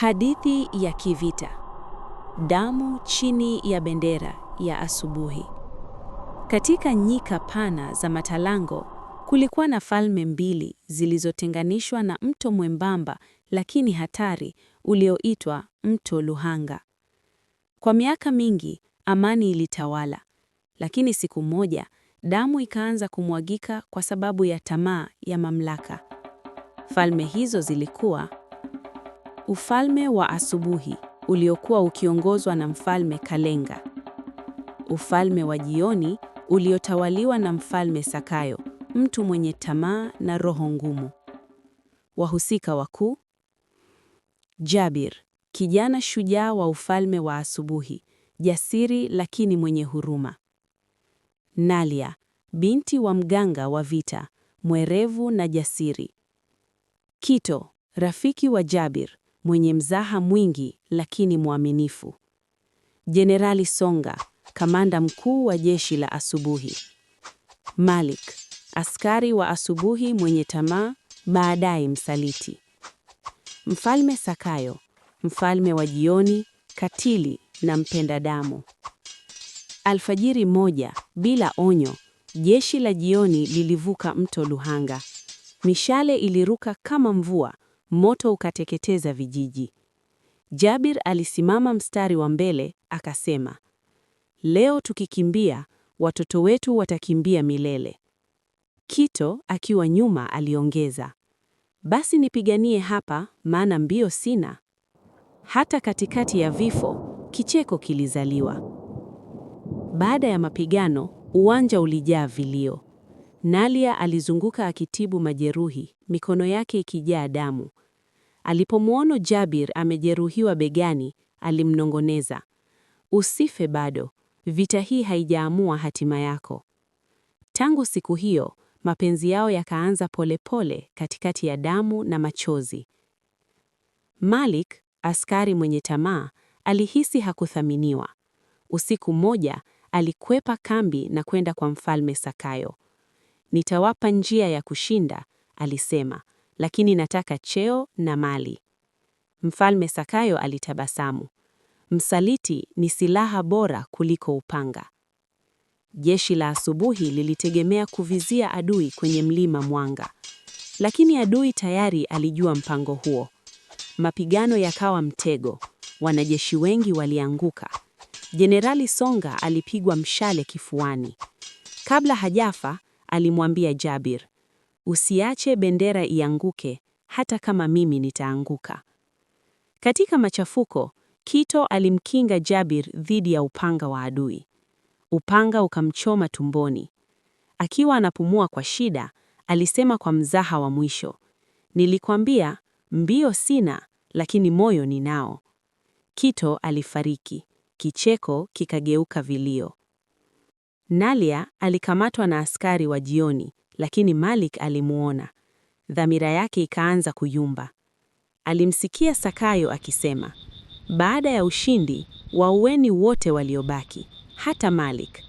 Hadithi ya kivita. Damu chini ya bendera ya asubuhi. Katika nyika pana za Matalango kulikuwa na falme mbili zilizotenganishwa na mto mwembamba lakini hatari ulioitwa Mto Luhanga. Kwa miaka mingi amani ilitawala, lakini siku moja damu ikaanza kumwagika kwa sababu ya tamaa ya mamlaka. Falme hizo zilikuwa Ufalme wa asubuhi uliokuwa ukiongozwa na Mfalme Kalenga. Ufalme wa jioni uliotawaliwa na Mfalme Sakayo, mtu mwenye tamaa na roho ngumu. Wahusika wakuu: Jabir, kijana shujaa wa ufalme wa asubuhi, jasiri lakini mwenye huruma. Nalia, binti wa mganga wa vita, mwerevu na jasiri. Kito, rafiki wa Jabir, mwenye mzaha mwingi lakini mwaminifu. Jenerali Songa, kamanda mkuu wa jeshi la asubuhi. Malik, askari wa asubuhi mwenye tamaa, baadaye msaliti. Mfalme Sakayo, mfalme wa jioni, katili na mpenda damu. Alfajiri moja, bila onyo, jeshi la jioni lilivuka mto Luhanga. Mishale iliruka kama mvua moto ukateketeza vijiji. Jabir alisimama mstari wa mbele akasema, leo tukikimbia, watoto wetu watakimbia milele. Kito akiwa nyuma aliongeza, basi nipiganie hapa, maana mbio sina. Hata katikati ya vifo kicheko kilizaliwa. Baada ya mapigano, uwanja ulijaa vilio. Nalia alizunguka akitibu majeruhi, mikono yake ikijaa damu. Alipomwona Jabir amejeruhiwa begani, alimnongoneza, usife bado, vita hii haijaamua hatima yako. Tangu siku hiyo, mapenzi yao yakaanza polepole katikati ya damu na machozi. Malik, askari mwenye tamaa, alihisi hakuthaminiwa. Usiku mmoja, alikwepa kambi na kwenda kwa Mfalme Sakayo. Nitawapa njia ya kushinda, alisema, lakini nataka cheo na mali. Mfalme Sakayo alitabasamu. Msaliti ni silaha bora kuliko upanga. Jeshi la asubuhi lilitegemea kuvizia adui kwenye mlima Mwanga. Lakini adui tayari alijua mpango huo. Mapigano yakawa mtego. Wanajeshi wengi walianguka. Jenerali Songa alipigwa mshale kifuani. Kabla hajafa, alimwambia Jabir, usiache bendera ianguke, hata kama mimi nitaanguka. Katika machafuko, Kito alimkinga Jabir dhidi ya upanga wa adui. Upanga ukamchoma tumboni. Akiwa anapumua kwa shida, alisema kwa mzaha wa mwisho, nilikwambia mbio sina, lakini moyo ninao. Kito alifariki, kicheko kikageuka vilio. Nalia alikamatwa na askari wa jioni, lakini Malik alimuona. Dhamira yake ikaanza kuyumba. Alimsikia Sakayo akisema, baada ya ushindi waueni wote waliobaki, hata Malik.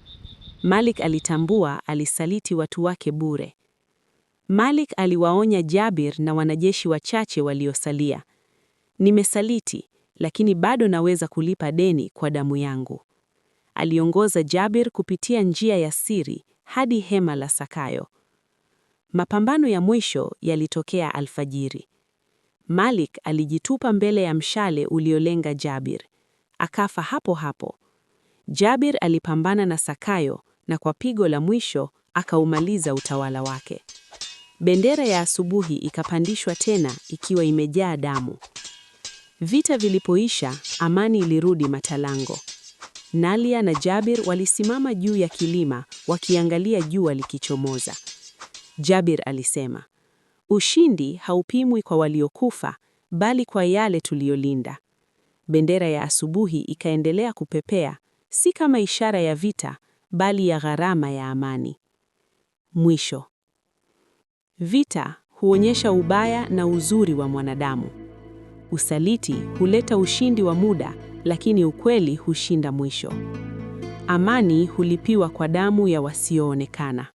Malik alitambua alisaliti watu wake bure. Malik aliwaonya Jabir na wanajeshi wachache waliosalia, nimesaliti, lakini bado naweza kulipa deni kwa damu yangu aliongoza Jabir kupitia njia ya siri hadi hema la Sakayo. Mapambano ya mwisho yalitokea alfajiri. Malik alijitupa mbele ya mshale uliolenga Jabir, akafa hapo hapo. Jabir alipambana na Sakayo na kwa pigo la mwisho akaumaliza utawala wake. Bendera ya asubuhi ikapandishwa tena ikiwa imejaa damu. Vita vilipoisha, amani ilirudi Matalango. Nalia na Jabir walisimama juu ya kilima wakiangalia jua likichomoza. Jabir alisema, ushindi haupimwi kwa waliokufa, bali kwa yale tuliyolinda. Bendera ya asubuhi ikaendelea kupepea, si kama ishara ya vita, bali ya gharama ya amani. Mwisho. Vita huonyesha ubaya na uzuri wa mwanadamu. Usaliti huleta ushindi wa muda lakini ukweli hushinda mwisho. Amani hulipiwa kwa damu ya wasioonekana.